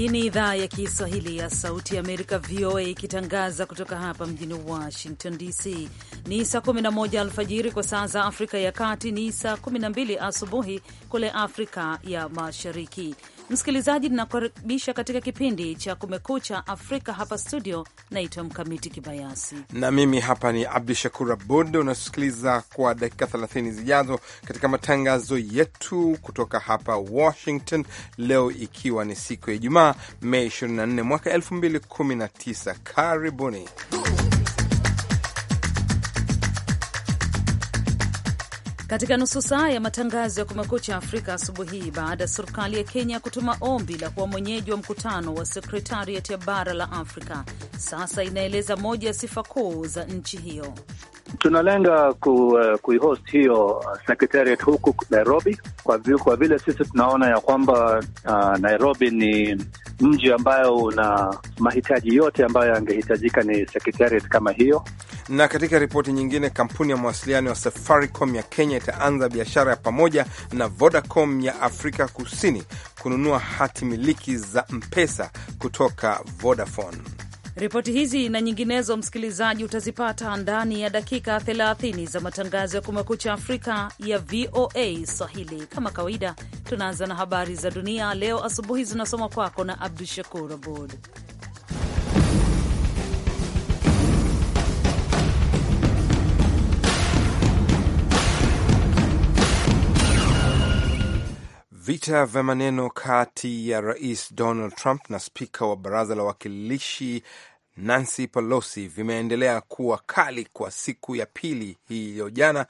Hii ni idhaa ya Kiswahili ya Sauti ya Amerika, VOA, ikitangaza kutoka hapa mjini Washington DC. Ni saa 11 alfajiri kwa saa za Afrika ya Kati, ni saa 12 asubuhi kule Afrika ya Mashariki. Msikilizaji, tunakukaribisha katika kipindi cha Kumekucha Afrika. Hapa studio naitwa Mkamiti Kibayasi na mimi hapa ni Abdu Shakur Abud. Unasikiliza kwa dakika 30 zijazo katika matangazo yetu kutoka hapa Washington, leo ikiwa ni siku ya Ijumaa, Mei 24 mwaka 2019. Karibuni. katika nusu saa ya matangazo ya Kumekucha Afrika asubuhi hii. Baada ya serikali ya Kenya kutuma ombi la kuwa mwenyeji wa mkutano wa sekretariat ya bara la Afrika, sasa inaeleza moja ya sifa kuu za nchi hiyo. Tunalenga ku, eh, kuihost hiyo uh, sekretariat huku Nairobi kwa, kwa vile sisi tunaona ya kwamba uh, Nairobi ni mji ambayo una mahitaji yote ambayo yangehitajika ni sekretariat kama hiyo. Na katika ripoti nyingine, kampuni ya mawasiliano ya Safaricom ya Kenya itaanza biashara ya pamoja na Vodacom ya Afrika Kusini kununua hati miliki za Mpesa kutoka Vodafone. Ripoti hizi na nyinginezo, msikilizaji, utazipata ndani ya dakika 30 za matangazo ya Kumekucha Afrika ya VOA Swahili. Kama kawaida, tunaanza na habari za dunia. Leo asubuhi zinasoma kwako na Abdu Shakur Abud. Vita vya maneno kati ya Rais Donald Trump na spika wa baraza la wawakilishi Nancy Pelosi vimeendelea kuwa kali kwa siku ya pili hiyo jana,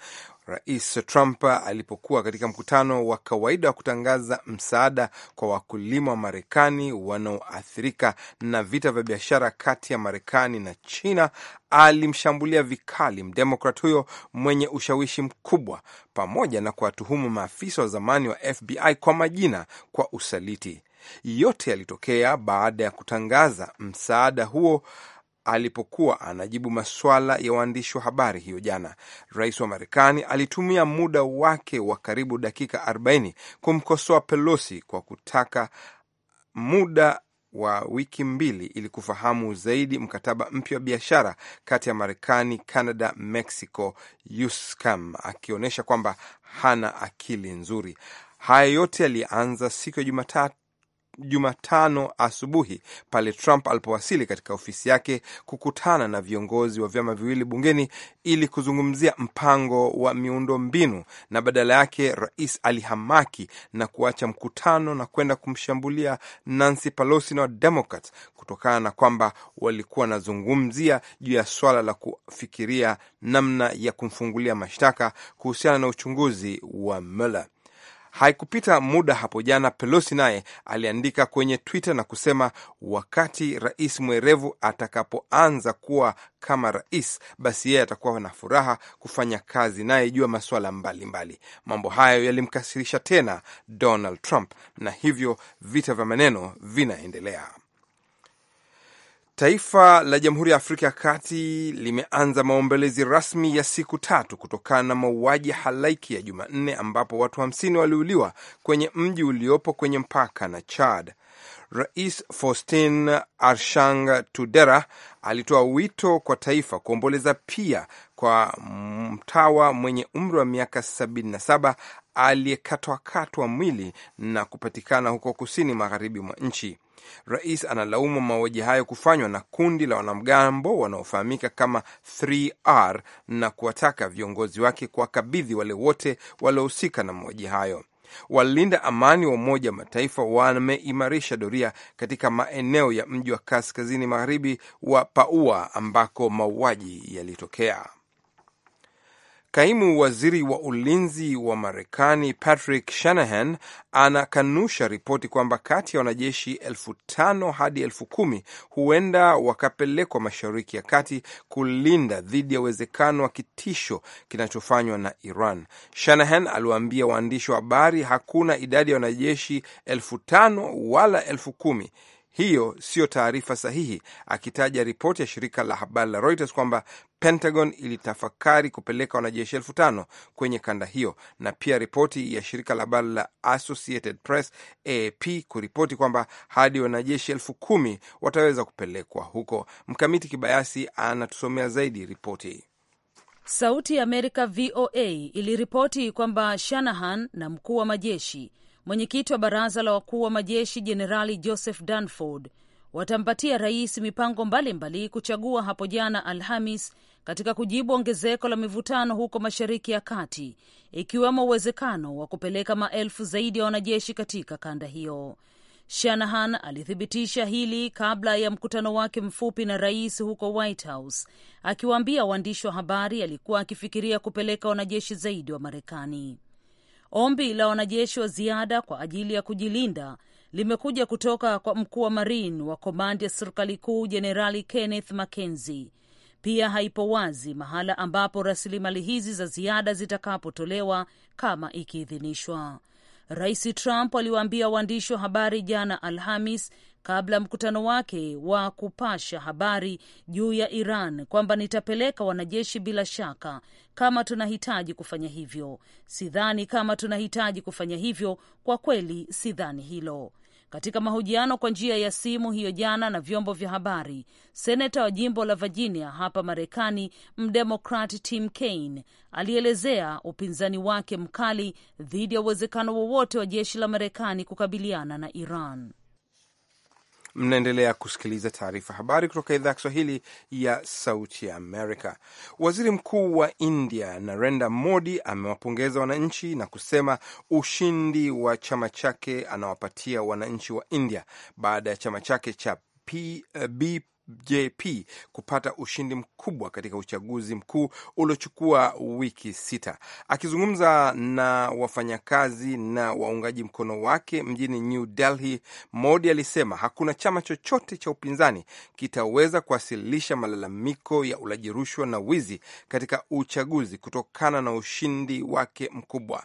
Rais Trump alipokuwa katika mkutano wa kawaida wa kutangaza msaada kwa wakulima wa Marekani wanaoathirika na vita vya biashara kati ya Marekani na China, alimshambulia vikali mdemokrat huyo mwenye ushawishi mkubwa, pamoja na kuwatuhumu maafisa wa zamani wa FBI kwa majina kwa usaliti. Yote yalitokea baada ya kutangaza msaada huo alipokuwa anajibu maswala ya waandishi wa habari hiyo jana, rais wa Marekani alitumia muda wake wa karibu dakika 40 kumkosoa Pelosi kwa kutaka muda wa wiki mbili ili kufahamu zaidi mkataba mpya wa biashara kati ya Marekani, Canada, Mexico, USCAM, akionyesha kwamba hana akili nzuri. Haya yote yalianza siku ya Jumatatu Jumatano asubuhi pale Trump alipowasili katika ofisi yake kukutana na viongozi wa vyama viwili bungeni ili kuzungumzia mpango wa miundo mbinu na badala yake rais alihamaki na kuacha mkutano na kwenda kumshambulia Nancy Pelosi na Wademokrat kutokana na kwamba walikuwa wanazungumzia juu ya swala la kufikiria namna ya kumfungulia mashtaka kuhusiana na uchunguzi wa Mueller. Haikupita muda hapo jana, Pelosi naye aliandika kwenye Twitter na kusema wakati rais mwerevu atakapoanza kuwa kama rais, basi yeye atakuwa na furaha kufanya kazi naye juu ya masuala mbalimbali. Mambo hayo yalimkasirisha tena Donald Trump, na hivyo vita vya maneno vinaendelea. Taifa la Jamhuri ya Afrika ya Kati limeanza maombelezi rasmi ya siku tatu kutokana na mauaji halaiki ya Jumanne ambapo watu hamsini waliuliwa kwenye mji uliopo kwenye mpaka na Chad. Rais Faustin Arshang Tudera alitoa wito kwa taifa kuomboleza pia kwa mtawa mwenye umri wa miaka 77 aliyekatwakatwa mwili na kupatikana huko kusini magharibi mwa nchi. Rais analaumu mauaji hayo kufanywa na kundi la wanamgambo wanaofahamika kama 3R na kuwataka viongozi wake kuwakabidhi wale wote waliohusika na mauaji hayo. Walinda amani wa Umoja wa Mataifa wameimarisha doria katika maeneo ya mji wa kaskazini magharibi wa Paua ambako mauaji yalitokea. Kaimu waziri wa ulinzi wa Marekani Patrick Shanahan anakanusha ripoti kwamba kati ya wanajeshi elfu tano hadi elfu kumi huenda wakapelekwa Mashariki ya Kati kulinda dhidi ya uwezekano wa kitisho kinachofanywa na Iran. Shanahan aliwaambia waandishi wa habari hakuna idadi ya wanajeshi elfu tano wala elfu kumi hiyo siyo taarifa sahihi, akitaja ripoti ya shirika la habari la Reuters kwamba Pentagon ilitafakari kupeleka wanajeshi elfu tano kwenye kanda hiyo, na pia ripoti ya shirika la habari la Associated Press AP kuripoti kwamba hadi wanajeshi elfu kumi wataweza kupelekwa huko. Mkamiti Kibayasi anatusomea zaidi ripoti. Sauti ya Amerika VOA iliripoti kwamba Shanahan na mkuu wa majeshi Mwenyekiti wa baraza la wakuu wa majeshi Jenerali Joseph Dunford watampatia rais mipango mbalimbali mbali kuchagua hapo jana Alhamis katika kujibu ongezeko la mivutano huko Mashariki ya Kati, ikiwemo uwezekano wa kupeleka maelfu zaidi ya wanajeshi katika kanda hiyo. Shanahan alithibitisha hili kabla ya mkutano wake mfupi na rais huko White House, akiwaambia waandishi wa habari alikuwa akifikiria kupeleka wanajeshi zaidi wa Marekani. Ombi la wanajeshi wa ziada kwa ajili ya kujilinda limekuja kutoka kwa mkuu wa Marine wa komandi ya serikali kuu Jenerali Kenneth Mackenzie. Pia haipo wazi mahala ambapo rasilimali hizi za ziada zitakapotolewa kama ikiidhinishwa. Rais Trump aliwaambia waandishi wa habari jana Alhamis kabla mkutano wake wa kupasha habari juu ya Iran kwamba nitapeleka wanajeshi bila shaka kama tunahitaji kufanya hivyo. Sidhani kama tunahitaji kufanya hivyo, kwa kweli sidhani hilo. Katika mahojiano kwa njia ya simu hiyo jana na vyombo vya habari, seneta wa jimbo la Virginia hapa Marekani, mdemokrat Tim Kaine alielezea upinzani wake mkali dhidi ya uwezekano wowote wa jeshi la Marekani kukabiliana na Iran. Mnaendelea kusikiliza taarifa habari kutoka idhaa ya Kiswahili ya Sauti ya Amerika. Waziri Mkuu wa India Narendra Modi amewapongeza wananchi na kusema ushindi wa chama chake anawapatia wananchi wa India baada ya chama chake cha eh, JP kupata ushindi mkubwa katika uchaguzi mkuu uliochukua wiki sita. Akizungumza na wafanyakazi na waungaji mkono wake mjini New Delhi, Modi alisema hakuna chama chochote cha upinzani kitaweza kuwasilisha malalamiko ya ulaji rushwa na wizi katika uchaguzi kutokana na ushindi wake mkubwa.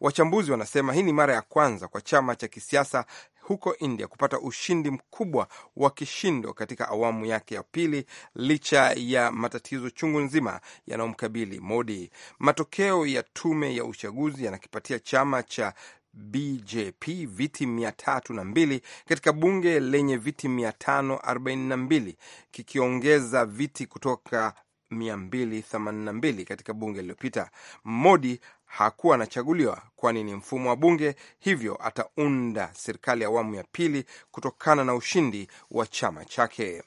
Wachambuzi wanasema hii ni mara ya kwanza kwa chama cha kisiasa huko India kupata ushindi mkubwa wa kishindo katika awamu yake ya pili licha ya matatizo chungu nzima yanayomkabili Modi. Matokeo ya tume ya uchaguzi yanakipatia chama cha BJP viti mia tatu na mbili katika bunge lenye viti mia tano arobaini na mbili kikiongeza viti kutoka 282 katika bunge lililopita. Modi hakuwa anachaguliwa kwani ni mfumo wa bunge, hivyo ataunda serikali ya awamu ya pili kutokana na ushindi wa chama chake.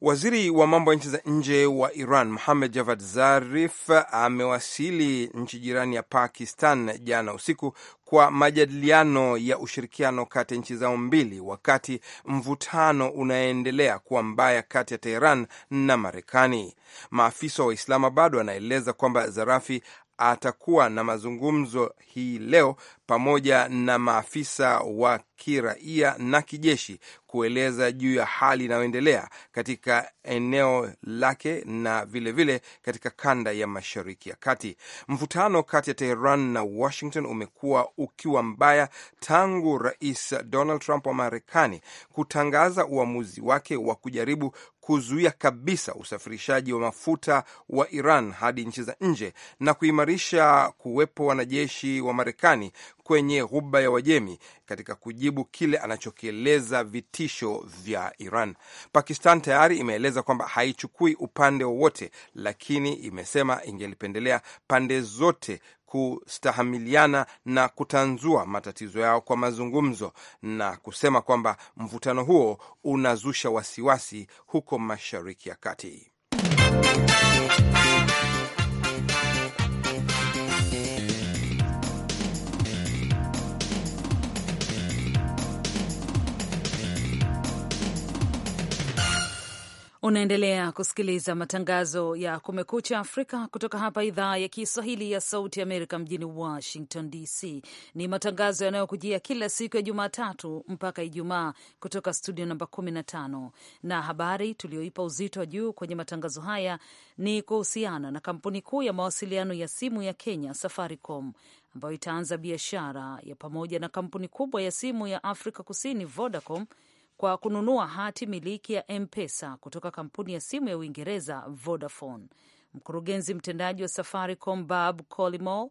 Waziri wa mambo ya nchi za nje wa Iran Muhamed Javad Zarif amewasili nchi jirani ya Pakistan jana usiku kwa majadiliano ya ushirikiano kati ya nchi zao mbili, wakati mvutano unaendelea kuwa mbaya kati ya Teheran na Marekani. Maafisa wa Islamabad wanaeleza kwamba Zarafi atakuwa na mazungumzo hii leo pamoja na maafisa wa kiraia na kijeshi kueleza juu ya hali inayoendelea katika eneo lake na vilevile vile katika kanda ya Mashariki ya Kati. Mvutano kati ya Teheran na Washington umekuwa ukiwa mbaya tangu Rais Donald Trump wa Marekani kutangaza uamuzi wake wa kujaribu kuzuia kabisa usafirishaji wa mafuta wa Iran hadi nchi za nje na kuimarisha kuwepo wanajeshi wa Marekani kwenye ghuba ya Wajemi katika kujibu kile anachokieleza vitisho vya Iran. Pakistan tayari imeeleza kwamba haichukui upande wowote, lakini imesema ingelipendelea pande zote kustahamiliana na kutanzua matatizo yao kwa mazungumzo na kusema kwamba mvutano huo unazusha wasiwasi huko Mashariki ya Kati. Unaendelea kusikiliza matangazo ya Kumekucha Afrika kutoka hapa idhaa ya Kiswahili ya Sauti Amerika mjini Washington DC. Ni matangazo yanayokujia kila siku ya Jumatatu mpaka Ijumaa kutoka studio namba 15, na habari tuliyoipa uzito wa juu kwenye matangazo haya ni kuhusiana na kampuni kuu ya mawasiliano ya simu ya Kenya, Safaricom ambayo itaanza biashara ya pamoja na kampuni kubwa ya simu ya Afrika Kusini, Vodacom kwa kununua hati miliki ya M-Pesa kutoka kampuni ya simu ya Uingereza Vodafone. Mkurugenzi mtendaji wa Safaricom Bob Collymore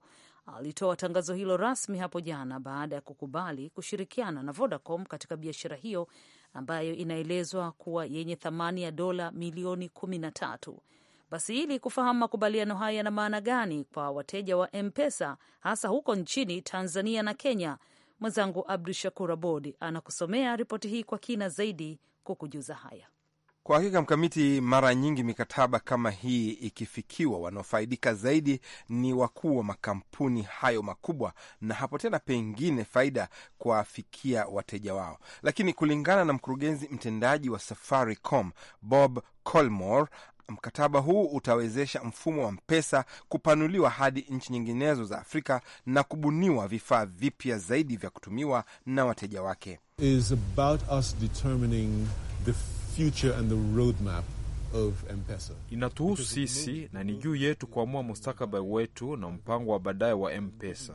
alitoa tangazo hilo rasmi hapo jana baada ya kukubali kushirikiana na Vodacom katika biashara hiyo ambayo inaelezwa kuwa yenye thamani ya dola milioni kumi na tatu. Basi ili kufahamu makubaliano haya yana maana gani kwa wateja wa M-Pesa hasa huko nchini Tanzania na Kenya, Mwenzangu Abdu Shakur Abodi anakusomea ripoti hii kwa kina zaidi kukujuza haya. Kwa hakika mkamiti, mara nyingi mikataba kama hii ikifikiwa, wanaofaidika zaidi ni wakuu wa makampuni hayo makubwa, na hapo tena pengine faida kuwafikia wateja wao. Lakini kulingana na mkurugenzi mtendaji wa Safaricom Bob Colmore Mkataba huu utawezesha mfumo wa mpesa kupanuliwa hadi nchi nyinginezo za Afrika na kubuniwa vifaa vipya zaidi vya kutumiwa na wateja wake. Inatuhusu sisi na ni juu yetu kuamua mustakabali wetu na mpango wa baadaye wa mpesa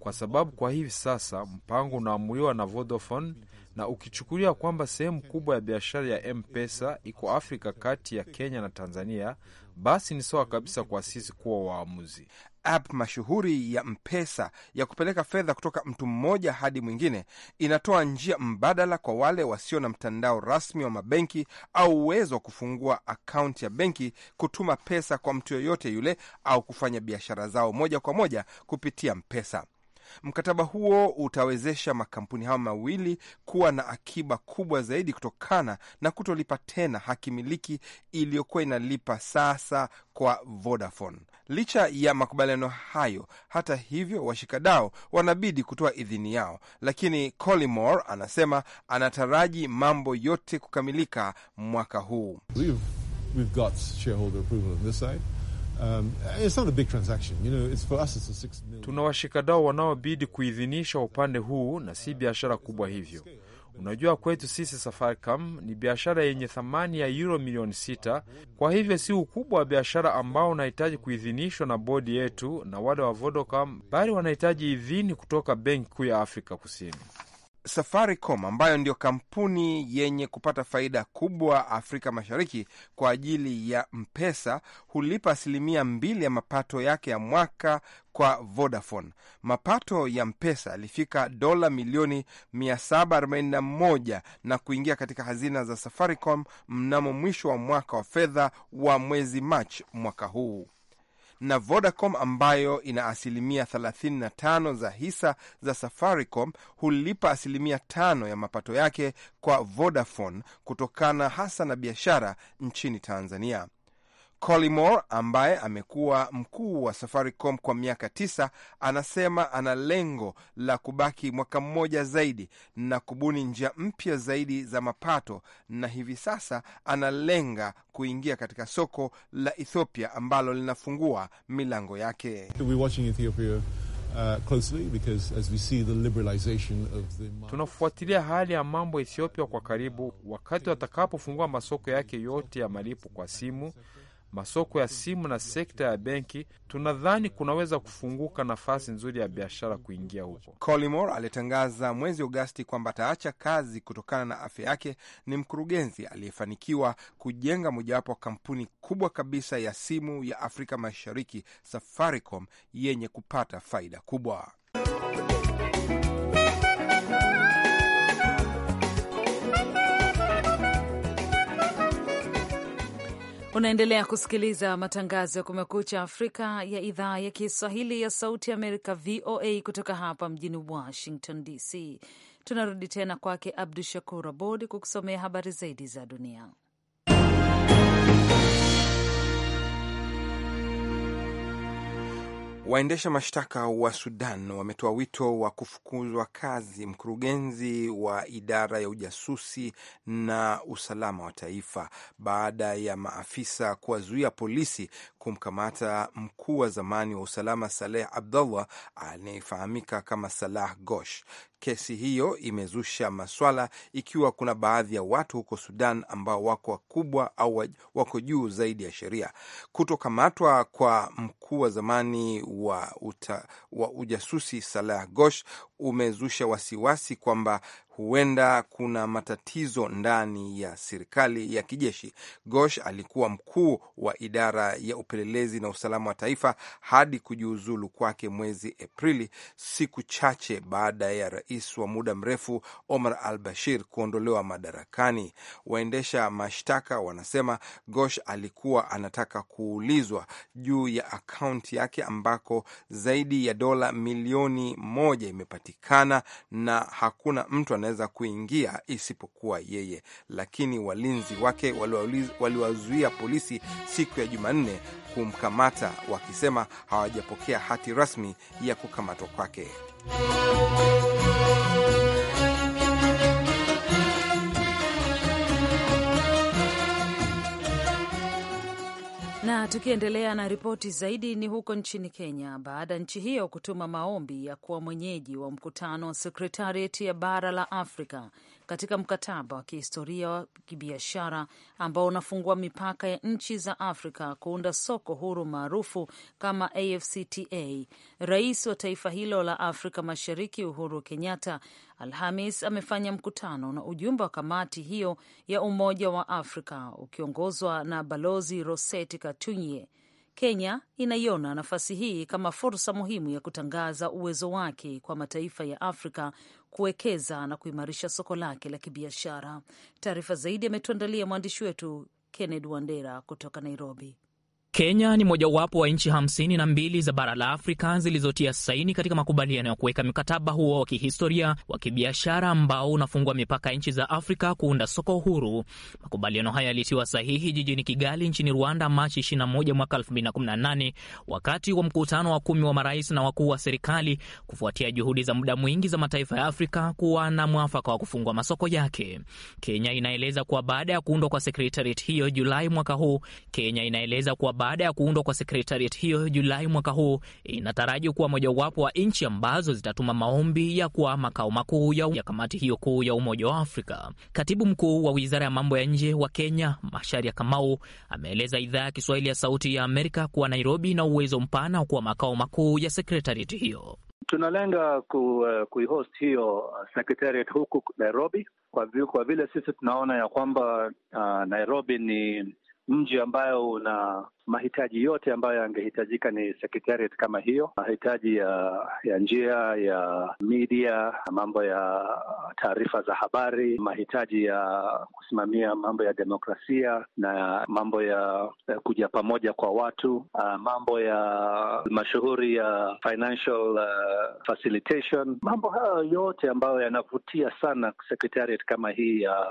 kwa sababu kwa hivi sasa mpango unaamuliwa na Vodafone na ukichukulia kwamba sehemu kubwa ya biashara ya mpesa iko Afrika kati ya Kenya na Tanzania, basi ni sawa kabisa kwa sisi kuwa waamuzi. App mashuhuri ya mpesa ya kupeleka fedha kutoka mtu mmoja hadi mwingine inatoa njia mbadala kwa wale wasio na mtandao rasmi wa mabenki au uwezo wa kufungua akaunti ya benki, kutuma pesa kwa mtu yoyote yule au kufanya biashara zao moja kwa moja kupitia mpesa Mkataba huo utawezesha makampuni hayo mawili kuwa na akiba kubwa zaidi kutokana na kutolipa tena haki miliki iliyokuwa inalipa sasa kwa Vodafone. Licha ya makubaliano hayo, hata hivyo, washikadau wanabidi kutoa idhini yao, lakini Collymore anasema anataraji mambo yote kukamilika mwaka huu. We've, we've got Um, you know, tuna washikadao wanaobidi kuidhinisha upande huu na si biashara kubwa hivyo. Unajua, kwetu sisi Safaricom ni biashara yenye thamani ya euro milioni sita. Kwa hivyo si ukubwa wa biashara ambao unahitaji kuidhinishwa na bodi yetu, na wale wa Vodacom bali wanahitaji idhini kutoka Benki Kuu ya Afrika Kusini. Safaricom ambayo ndiyo kampuni yenye kupata faida kubwa Afrika Mashariki kwa ajili ya mpesa hulipa asilimia mbili ya mapato yake ya mwaka kwa Vodafone. Mapato ya mpesa yalifika dola milioni 741 na kuingia katika hazina za Safaricom mnamo mwisho wa mwaka wa fedha wa mwezi Machi mwaka huu na Vodacom ambayo ina asilimia 35 za hisa za Safaricom hulipa asilimia tano ya mapato yake kwa Vodafone kutokana hasa na biashara nchini Tanzania. Collymore ambaye amekuwa mkuu wa Safaricom kwa miaka tisa anasema ana lengo la kubaki mwaka mmoja zaidi na kubuni njia mpya zaidi za mapato, na hivi sasa analenga kuingia katika soko la Ethiopia ambalo linafungua milango yake. Uh, Tunafuatilia hali ya mambo Ethiopia kwa karibu, wakati watakapofungua masoko yake yote ya malipo kwa simu masoko ya simu na sekta ya benki, tunadhani kunaweza kufunguka nafasi nzuri ya biashara kuingia huko. Collymore alitangaza mwezi Agosti kwamba ataacha kazi kutokana na afya yake. Ni mkurugenzi aliyefanikiwa kujenga mojawapo wa kampuni kubwa kabisa ya simu ya Afrika Mashariki, Safaricom, yenye kupata faida kubwa. Unaendelea kusikiliza matangazo ya Kumekucha Afrika ya idhaa ya Kiswahili ya Sauti Amerika, VOA, kutoka hapa mjini Washington DC. Tunarudi tena kwake Abdu Shakur Abod kukusomea habari zaidi za dunia. Waendesha mashtaka wa Sudan wametoa wito wa kufukuzwa kazi mkurugenzi wa idara ya ujasusi na usalama wa taifa baada ya maafisa kuwazuia polisi kumkamata mkuu wa zamani wa usalama Saleh Abdullah anayefahamika kama Salah Gosh. Kesi hiyo imezusha maswala ikiwa kuna baadhi ya watu huko Sudan ambao wako wakubwa au wako juu zaidi ya sheria. Kutokamatwa kwa mkuu wa zamani wa, uta, wa ujasusi Salah Gosh umezusha wasiwasi kwamba huenda kuna matatizo ndani ya serikali ya kijeshi. Gosh alikuwa mkuu wa idara ya upelelezi na usalama wa taifa hadi kujiuzulu kwake mwezi Aprili, siku chache baada ya rais wa muda mrefu Omar al Bashir kuondolewa madarakani. Waendesha mashtaka wanasema Gosh alikuwa anataka kuulizwa juu ya akaunti yake ambako zaidi ya dola milioni moja imepatikana na hakuna mtu anaweza kuingia isipokuwa yeye, lakini walinzi wake waliwazuia polisi siku ya Jumanne kumkamata wakisema hawajapokea hati rasmi ya kukamatwa kwake. Na tukiendelea na ripoti zaidi ni huko nchini Kenya, baada ya nchi hiyo kutuma maombi ya kuwa mwenyeji wa mkutano wa sekretariati ya bara la Afrika katika mkataba wa kihistoria wa kibiashara ambao unafungua mipaka ya nchi za Afrika kuunda soko huru maarufu kama afcta Rais wa taifa hilo la Afrika Mashariki Uhuru Kenyatta Alhamis amefanya mkutano na ujumbe wa kamati hiyo ya Umoja wa Afrika ukiongozwa na Balozi Rosette Katunye. Kenya inaiona nafasi hii kama fursa muhimu ya kutangaza uwezo wake kwa mataifa ya Afrika kuwekeza na kuimarisha soko lake la kibiashara. Taarifa zaidi ametuandalia mwandishi wetu Kenneth Wandera kutoka Nairobi. Kenya ni mojawapo wa nchi hamsini na mbili za bara la Afrika zilizotia saini katika makubaliano ya kuweka mkataba huo wa kihistoria wa kibiashara ambao unafungua mipaka ya nchi za Afrika kuunda soko huru. Makubaliano haya yalitiwa sahihi jijini Kigali nchini Rwanda Machi 21 mwaka 2018 wakati wa mkutano wa kumi wa marais na wakuu wa serikali kufuatia juhudi za muda mwingi za mataifa ya Afrika kuwa na mwafaka wa kufungua masoko yake. Kenya inaeleza kuwa baada ya kuundwa kwa sekretariat hiyo Julai mwaka huu, Kenya inaeleza kuwa baada ya kuundwa kwa sekretariat hiyo Julai mwaka huu, inatarajiwa kuwa mojawapo wa nchi ambazo zitatuma maombi ya kuwa makao makuu ya kamati hiyo kuu ya Umoja wa Afrika. Katibu mkuu wa wizara ya mambo ya nje wa Kenya, masharia Kamau, ameeleza idhaa ya Kiswahili ya Sauti ya Amerika kuwa Nairobi na uwezo mpana wa kuwa makao makuu ya sekretariat hiyo. Tunalenga ku, uh, kuihost hiyo uh, sekretariat huku Nairobi kwa, kwa vile sisi tunaona ya kwamba uh, Nairobi ni mji ambayo una mahitaji yote ambayo yangehitajika ni sekretariat kama hiyo, mahitaji ya ya njia ya media, mambo ya taarifa za habari, mahitaji ya kusimamia mambo ya demokrasia na mambo ya kuja pamoja kwa watu, mambo ya mashuhuri ya financial facilitation, mambo hayo yote ambayo yanavutia sana sekretariat kama hii ya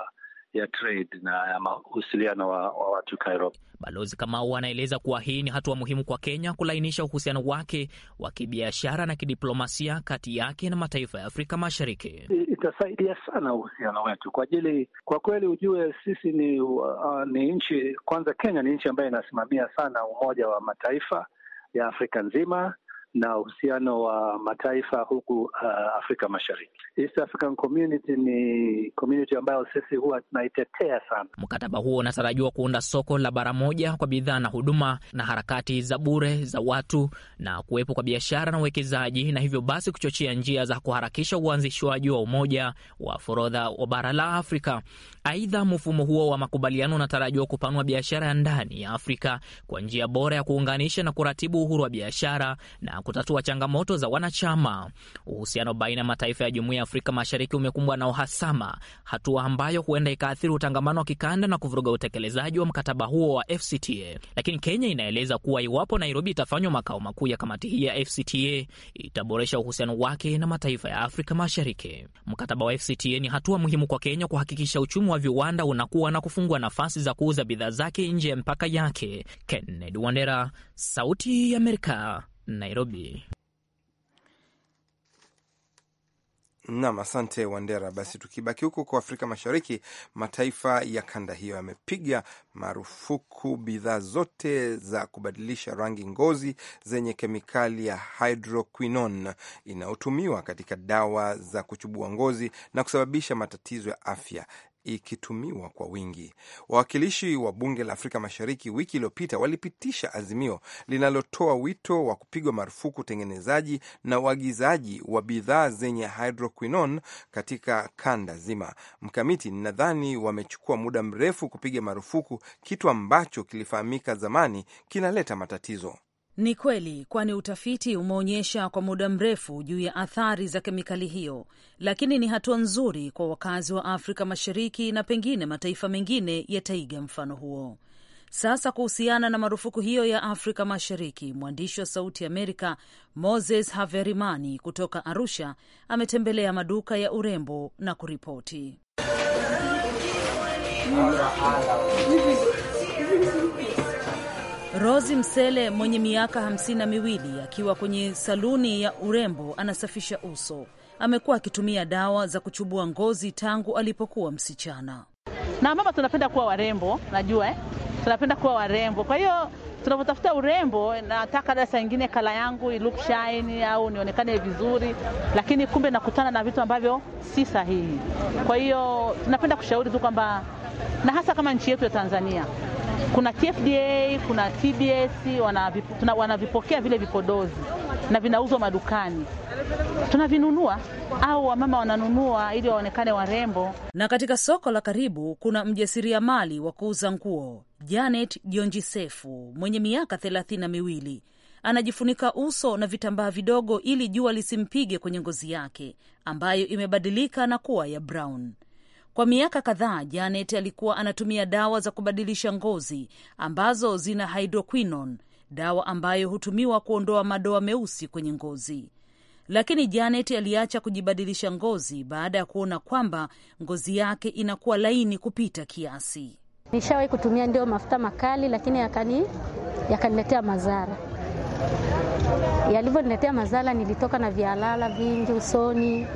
ya trade na ya mahusiano wa, wa watu Nairobi. Balozi Kamau anaeleza kuwa hii ni hatua muhimu kwa Kenya kulainisha uhusiano wake wa kibiashara na kidiplomasia kati yake na mataifa ya Afrika Mashariki. Itasaidia sana uhusiano wetu kwa ajili, kwa kweli ujue sisi ni, uh, ni nchi kwanza, Kenya ni nchi ambayo inasimamia sana Umoja wa Mataifa ya Afrika nzima na uhusiano wa mataifa huku uh, Afrika Mashariki. East African Community ni community ambayo sisi huwa tunaitetea sana. Mkataba huo unatarajiwa kuunda soko la bara moja kwa bidhaa na huduma na harakati za bure za watu na kuwepo kwa biashara na uwekezaji, na hivyo basi kuchochea njia za kuharakisha uanzishwaji wa umoja wa forodha wa bara la Afrika. Aidha, mfumo huo wa makubaliano unatarajiwa kupanua biashara ya ndani ya Afrika kwa njia bora ya kuunganisha na kuratibu uhuru wa biashara na kutatua changamoto za wanachama. Uhusiano baina ya mataifa ya jumuiya ya Afrika Mashariki umekumbwa na uhasama, hatua ambayo huenda ikaathiri utangamano wa kikanda na kuvuruga utekelezaji wa mkataba huo wa FCTA. Lakini Kenya inaeleza kuwa iwapo Nairobi itafanywa makao makuu ya kamati hii ya FCTA itaboresha uhusiano wake na mataifa ya Afrika Mashariki. Mkataba wa FCTA ni hatua muhimu kwa Kenya kuhakikisha uchumi wa viwanda unakuwa na kufungua nafasi za kuuza bidhaa zake nje ya mipaka yake. Kennedy Wandera, Sauti ya Amerika, Nairobi. Nam, asante Wandera. Basi tukibaki huko kwa Afrika Mashariki, mataifa ya kanda hiyo yamepiga marufuku bidhaa zote za kubadilisha rangi ngozi zenye kemikali ya hydroquinone inayotumiwa katika dawa za kuchubua ngozi na kusababisha matatizo ya afya, ikitumiwa kwa wingi. Wawakilishi wa bunge la Afrika Mashariki wiki iliyopita walipitisha azimio linalotoa wito wa kupigwa marufuku utengenezaji na uagizaji wa bidhaa zenye hydroquinone katika kanda zima. Mkamiti, ninadhani wamechukua muda mrefu kupiga marufuku kitu ambacho kilifahamika zamani kinaleta matatizo. Ni kweli, kwani utafiti umeonyesha kwa muda mrefu juu ya athari za kemikali hiyo, lakini ni hatua nzuri kwa wakazi wa Afrika Mashariki na pengine mataifa mengine yataiga mfano huo. Sasa kuhusiana na marufuku hiyo ya Afrika Mashariki, mwandishi wa Sauti Amerika Moses Haverimani kutoka Arusha ametembelea maduka ya urembo na kuripoti Rosi Msele mwenye miaka hamsini na miwili akiwa kwenye saluni ya urembo anasafisha uso. Amekuwa akitumia dawa za kuchubua ngozi tangu alipokuwa msichana. Na mama, tunapenda kuwa warembo, najua eh? tunapenda kuwa warembo, kwa hiyo tunavyotafuta urembo, nataka da saa ingine kala yangu ilukshaini shine au nionekane vizuri, lakini kumbe nakutana na vitu ambavyo si sahihi. Kwa hiyo tunapenda kushauri tu kwamba, na hasa kama nchi yetu ya Tanzania kuna TFDA, kuna TBS wanavipokea vile vipodozi na vinauzwa madukani, tunavinunua au wamama wananunua ili waonekane warembo. Na katika soko la karibu kuna mjasiriamali wa kuuza nguo Janet Jonjisefu mwenye miaka thelathini na miwili anajifunika uso na vitambaa vidogo ili jua lisimpige kwenye ngozi yake ambayo imebadilika na kuwa ya brown. Kwa miaka kadhaa, Janet alikuwa anatumia dawa za kubadilisha ngozi ambazo zina hydroquinone, dawa ambayo hutumiwa kuondoa madoa meusi kwenye ngozi. Lakini Janet aliacha kujibadilisha ngozi baada ya kuona kwamba ngozi yake inakuwa laini kupita kiasi. Nishawahi kutumia ndio mafuta makali, lakini yakaniletea yakani madhara. Yalivyoniletea madhara, nilitoka na vialala vingi usoni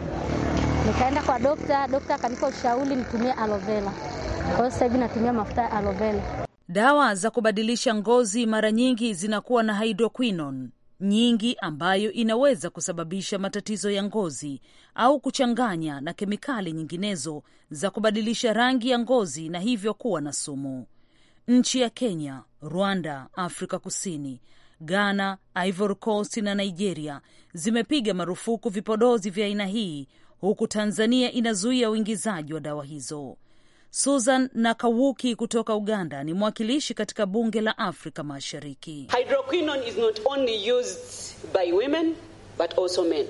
Nikaenda kwa dokta, dokta akanipa ushauri nitumie aloe vera. Kwa hiyo sasa hivi natumia mafuta ya aloe vera. Dawa za kubadilisha ngozi mara nyingi zinakuwa na hydroquinone nyingi ambayo inaweza kusababisha matatizo ya ngozi au kuchanganya na kemikali nyinginezo za kubadilisha rangi ya ngozi na hivyo kuwa na sumu. Nchi ya Kenya, Rwanda, Afrika Kusini, Ghana, Ivory Coast na Nigeria zimepiga marufuku vipodozi vya aina hii huku Tanzania inazuia uingizaji wa dawa hizo. Susan Nakawuki kutoka Uganda ni mwakilishi katika bunge la Afrika Mashariki. Hydroquinone is not only used by women, but also men.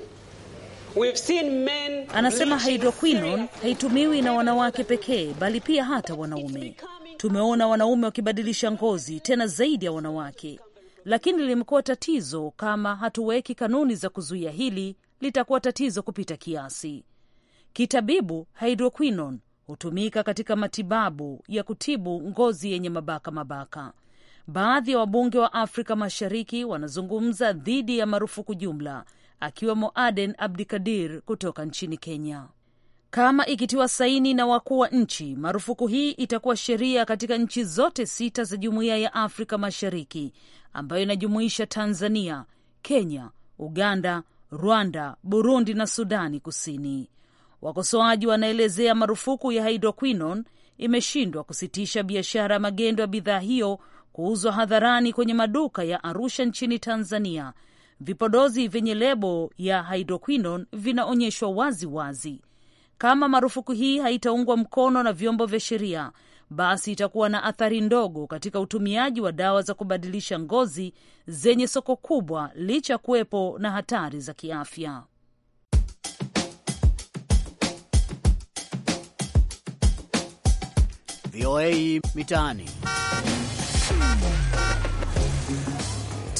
We've seen men... Anasema hydroquinone haitumiwi na wanawake pekee bali pia hata wanaume. Tumeona wanaume wakibadilisha ngozi tena zaidi ya wanawake, lakini limekuwa tatizo kama hatuweki kanuni za kuzuia hili litakuwa tatizo kupita kiasi. Kitabibu, hydroquinone hutumika katika matibabu ya kutibu ngozi yenye mabaka mabaka. Baadhi ya wabunge wa Afrika Mashariki wanazungumza dhidi ya marufuku jumla, akiwemo Aden Abdikadir kutoka nchini Kenya. Kama ikitiwa saini na wakuu wa nchi, marufuku hii itakuwa sheria katika nchi zote sita za Jumuiya ya Afrika Mashariki, ambayo inajumuisha Tanzania, Kenya, Uganda, Rwanda, Burundi na Sudani Kusini. Wakosoaji wanaelezea marufuku ya hydroquinone imeshindwa kusitisha biashara ya magendo ya bidhaa hiyo kuuzwa hadharani kwenye maduka ya Arusha nchini Tanzania. Vipodozi vyenye lebo ya hydroquinone vinaonyeshwa wazi wazi. Kama marufuku hii haitaungwa mkono na vyombo vya sheria, basi itakuwa na athari ndogo katika utumiaji wa dawa za kubadilisha ngozi zenye soko kubwa licha ya kuwepo na hatari za kiafya. VOA Mitaani.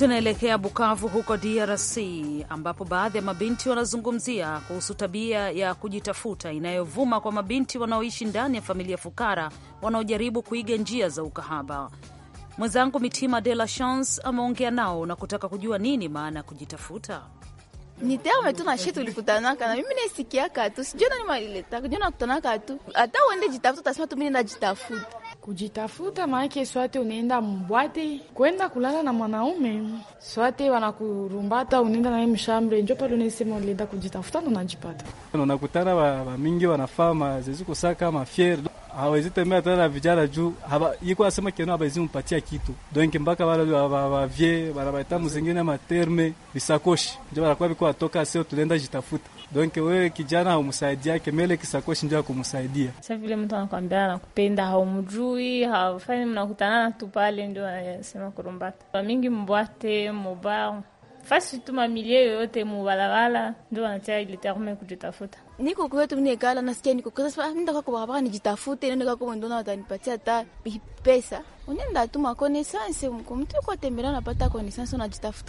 Tunaelekea Bukavu huko DRC ambapo baadhi ya mabinti wanazungumzia kuhusu tabia ya kujitafuta inayovuma kwa mabinti wanaoishi ndani ya familia fukara wanaojaribu kuiga njia za ukahaba. Mwenzangu Mitima De La Chance ameongea nao na kutaka kujua nini maana ya kujitafuta. Ni terme tu na shit ulikutanaka na mimi naisikiaka tu, sijui nani malileta, tu, hata uende jitafuta utasema tu mimi najitafuta kujitafuta, maanake swate unaenda mbwate kwenda kulala na mwanaume, swate wanakurumbata, unaenda naye mshambre, njo pale unaisema ulienda kujitafuta, ndo najipata unakutana wamingi wanafaa mazezu kusaka mafyere hawezi tembea tena na vijana juu iko asema keno hawezi mpatia kitu donc mpaka wale wavye wanabaita mzingine materme bisakoshi njo wanakuwa viko watoka sio tulienda jitafuta donc wewe kijana haumsaidiake mele kisakoshi ndio akumsaidia. Sa vile mtu anakwambia nakupenda, haumjui hafani, mnakutanana tu pale, ndio anasema kurumbata mingi mbwate mubao fasi tu mamilie yoyote mubalabala, ndio wanatia ile terme kujitafuta. Niko kwetu mimi kala nasikia niko kwa sababu mimi ndako barabara nijitafute, nenda kwa kwa ndona watanipatia hata pesa. unenda tu ma connaissance, mko mtu kwa tembelea unapata connaissance,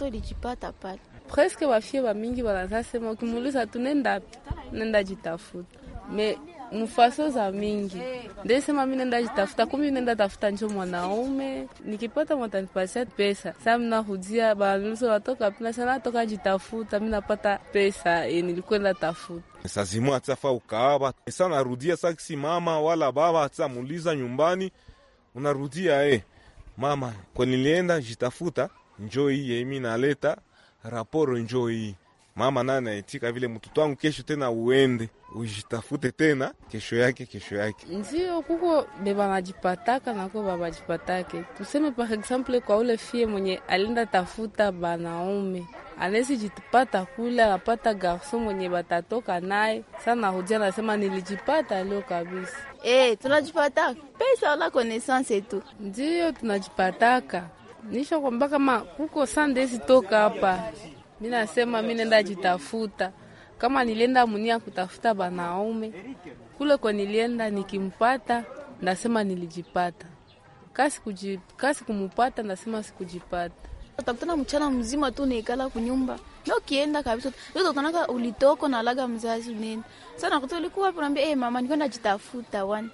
ili jipata pale preske wafye wamingi wanasema, ukimuuliza tu nenda nenda jitafuta me mfaso za mingi ndesema mi nenda jitafuta, kumi nenda tafuta njo mwanaume nikipata mwatanipatia pesa sa mnahudia banulizo watoka pina sana toka jitafuta, mi napata pesa e, nilikwenda tafuta sazimu atsafa ukaaba sa e, narudia saksi mama wala baba atsamuliza nyumbani, unarudia e mama kwenilienda jitafuta njo iye mi naleta raporo njoi mama naye naitika vile, mtoto wangu, kesho tena uende ujitafute tena, kesho yake kesho yake. Ndio kuko bebanajipataka nako babajipatake, tuseme par exemple kwa ule fie mwenye alinda tafuta banaume anesi jitipata kule anapata garso mwenye batatoka naye sana, huja nasema nilijipata leo kabisa. Hey, eh, tunajipataka pesa wala konesanse tu, ndio tunajipataka nisha kwamba kama kuko sande toka hapa, mi nasema mi nenda jitafuta. Kama nilienda munia kutafuta banaume kule kwa nilienda, nikimpata ndasema nilijipata, kasi, kujip, kasi kumupata ndasema sikujipata. Takutana mchana mzima tu nikala kunyumba ndio kienda kabisa. Wewe utanaka ulitoko na laga mzazi nini? Sasa nakuta ulikuwa hapo naambia eh, mama nikwenda najitafuta wani.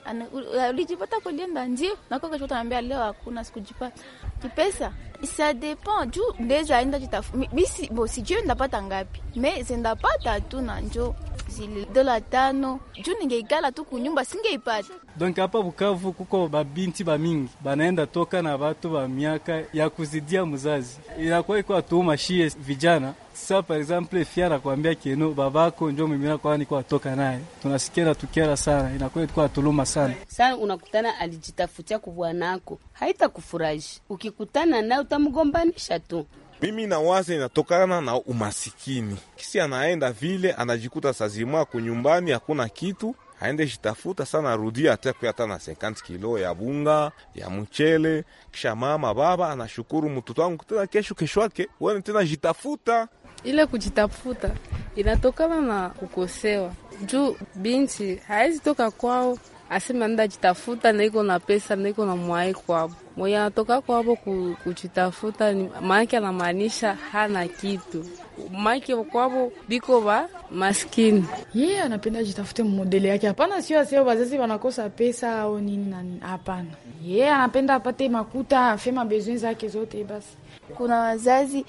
Ulijipata kulienda ndio. nakoka kwa naambia leo hakuna sikujipata. Kipesa ça dépend juu ndeza enda jitafuta. Mimi bo sijui ndapata ngapi. Mais zindapata tu na njo zile dola tano juu ningeikala tu kunyumba singeipata. Donc hapa Bukavu kuko babinti ba mingi banaenda toka na batu ba miaka ya kuzidia mzazi inakuwa iko atuuma shie vijana sa par exemple fia nakwambia kieno babako njo mimina kwani kwa toka naye, tunasikia na tukera sana, inakuwa kwa tuluma sana sana. Unakutana alijitafutia kwa bwanako, haitakufurahisha ukikutana naye utamgombanisha tu. Mimi na waza inatokana na umasikini, kisi anaenda vile anajikuta sazima kunyumbani hakuna kitu aende shitafuta sana rudia hata na 50 kilo ya bunga ya mchele, kisha mama baba anashukuru mtoto wangu tena, kesho kesho yake wewe tena jitafuta ile kujitafuta inatokana na kukosewa, juu binti hawezi toka kwao asema jitafuta naiko na pesa, naiko na mwai kwabo. Mwenye anatoka kwabo kuchitafuta, maake anamaanisha hana kitu, maake kwabo biko ba maskini. Yeye yeah, anapenda jitafute modeli yake. Hapana, sio asio wazazi wanakosa pesa au nini na nini, hapana. Yeye yeah, anapenda apate makuta, afema bezwin zake zote basi. Kuna wazazi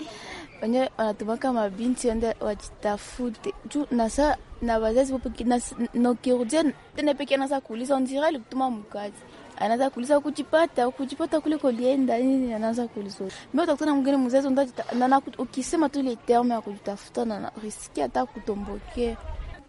wenyewe wanatumaka mabinti ende wajitafute juu saa na wazazi nokirudia tena peke anaza kuuliza onzira alikutuma mkazi anaza kuuliza kujipata kujipata kule kolienda nini, anaweza kuuliza mimi utakutana mgeni mzazi, ukisema tu ile terme ya kujitafuta na risiki hata kutombokea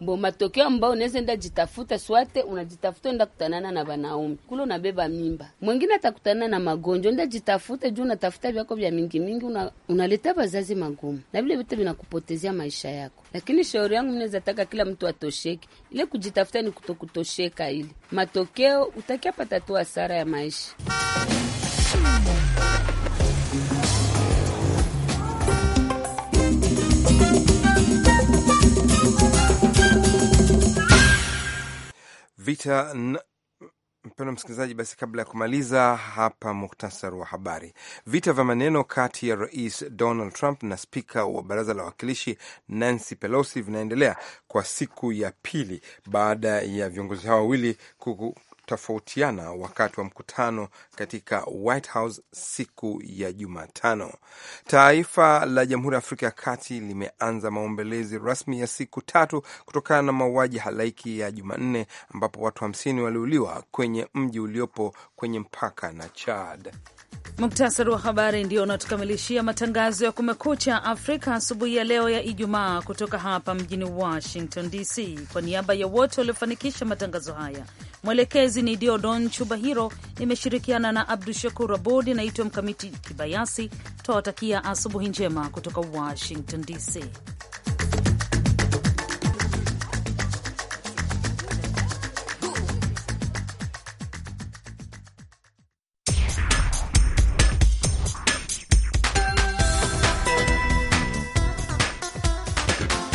Bo matokeo ambao unaweza enda jitafuta swate, unajitafuta enda kutanana na kulo kule, unabeba mimba. Mwingine atakutana na magonjwa, enda jitafuta juu unatafuta vyako vya mingi mingi, una, unaleta bazazi magumu na vile vitu vinakupotezea maisha yako. Lakini shauri yangu mnaweza taka kila mtu atosheke, ile kujitafuta ni kutokutosheka, ili matokeo utakiapata tu hasara ya maisha vita Mpendo msikilizaji, basi kabla ya kumaliza hapa, muhtasari wa habari. Vita vya maneno kati ya rais Donald Trump na spika wa baraza la wawakilishi Nancy Pelosi vinaendelea kwa siku ya pili baada ya viongozi hao wawili kutofautiana wakati wa mkutano katika White House siku ya Jumatano. Taifa la Jamhuri ya Afrika ya Kati limeanza maombelezi rasmi ya siku tatu kutokana na mauaji halaiki ya Jumanne ambapo watu hamsini waliuliwa kwenye mji uliopo kwenye mpaka na Chad. Muktasari wa habari ndio unatukamilishia matangazo ya Kumekucha Afrika asubuhi ya leo ya Ijumaa, kutoka hapa mjini Washington DC. Kwa niaba ya wote waliofanikisha matangazo haya, mwelekezi ni Diodon Chubahiro, nimeshirikiana na Abdu Shakur Abud. Naitwa Mkamiti Kibayasi, twawatakia asubuhi njema kutoka Washington DC.